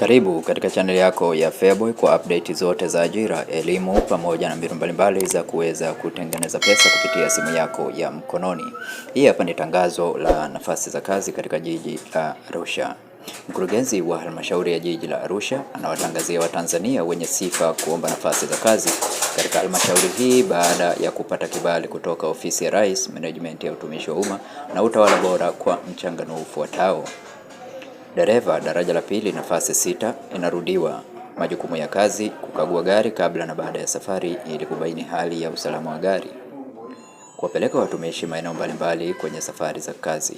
Karibu katika chaneli yako ya Feaboy kwa update zote za ajira, elimu pamoja na mbinu mbalimbali za kuweza kutengeneza pesa kupitia simu yako ya mkononi. Hii hapa ni tangazo la nafasi za kazi katika jiji la Arusha. Mkurugenzi wa halmashauri ya jiji la Arusha anawatangazia Watanzania wenye sifa kuomba nafasi za kazi katika halmashauri hii baada ya kupata kibali kutoka ofisi ya Rais, management ya Utumishi wa Umma na Utawala Bora kwa mchanganuo ufuatao. Dereva daraja la pili, nafasi sita, inarudiwa. Majukumu ya kazi: kukagua gari kabla na baada ya safari ili kubaini hali ya usalama wa gari, kuwapeleka watumishi maeneo mbalimbali kwenye safari za kazi,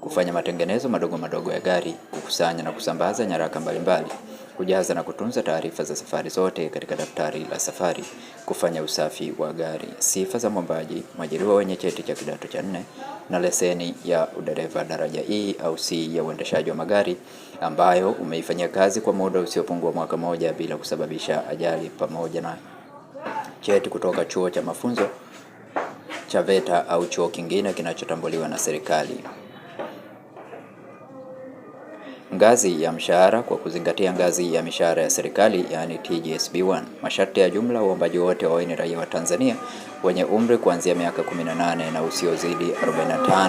kufanya matengenezo madogo madogo ya gari, kukusanya na kusambaza nyaraka mbalimbali kujaza na kutunza taarifa za safari zote katika daftari la safari, kufanya usafi wa gari. Sifa za mwombaji: mwajiriwa wenye cheti cha kidato cha nne na leseni ya udereva daraja E au C ya uendeshaji wa magari ambayo umeifanyia kazi kwa muda usiopungua mwaka moja bila kusababisha ajali, pamoja na cheti kutoka chuo cha mafunzo cha VETA au chuo kingine kinachotambuliwa na serikali ngazi ya mshahara kwa kuzingatia ngazi ya mishahara ya serikali yaani TGSB1. Masharti ya jumla waombaji wote wawe ni raia wa Tanzania wenye umri kuanzia miaka 18 na usiozidi 45.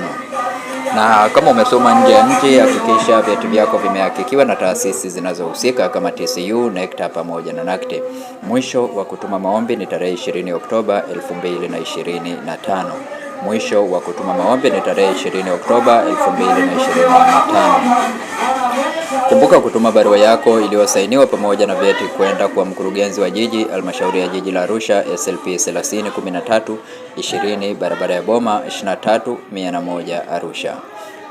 Na kama umesoma nje ya nchi, hakikisha vyeti vyako vimehakikiwa na taasisi zinazohusika kama TCU, NECTA pamoja na NACTE. Mwisho wa kutuma maombi ni tarehe 20 Oktoba 2025. Mwisho wa kutuma maombi ni tarehe 20 Oktoba 2025. Kumbuka kutuma barua yako iliyosainiwa pamoja na vyeti kwenda kwa mkurugenzi wa jiji halmashauri ya jiji la Arusha SLP 3013 20 barabara ya Boma 23101 Arusha.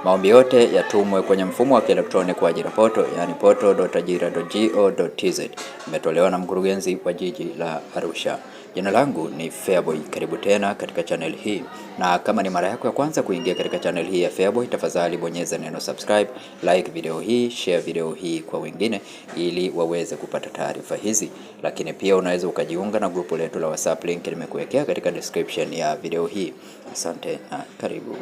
Maombi yote yatumwe kwenye mfumo wa kielektroniki wa Ajira poto yani poto.ajira.go.tz. Imetolewa na mkurugenzi wa jiji la Arusha. Jina langu ni Fairboy, karibu tena katika channel hii, na kama ni mara yako ya kwanza kuingia katika channel hii ya Fairboy, tafadhali bonyeza neno subscribe, like video hii, share video hii kwa wengine ili waweze kupata taarifa hizi, lakini pia unaweza ukajiunga na grupu letu la WhatsApp, link nimekuwekea katika description ya video hii. Asante na karibu.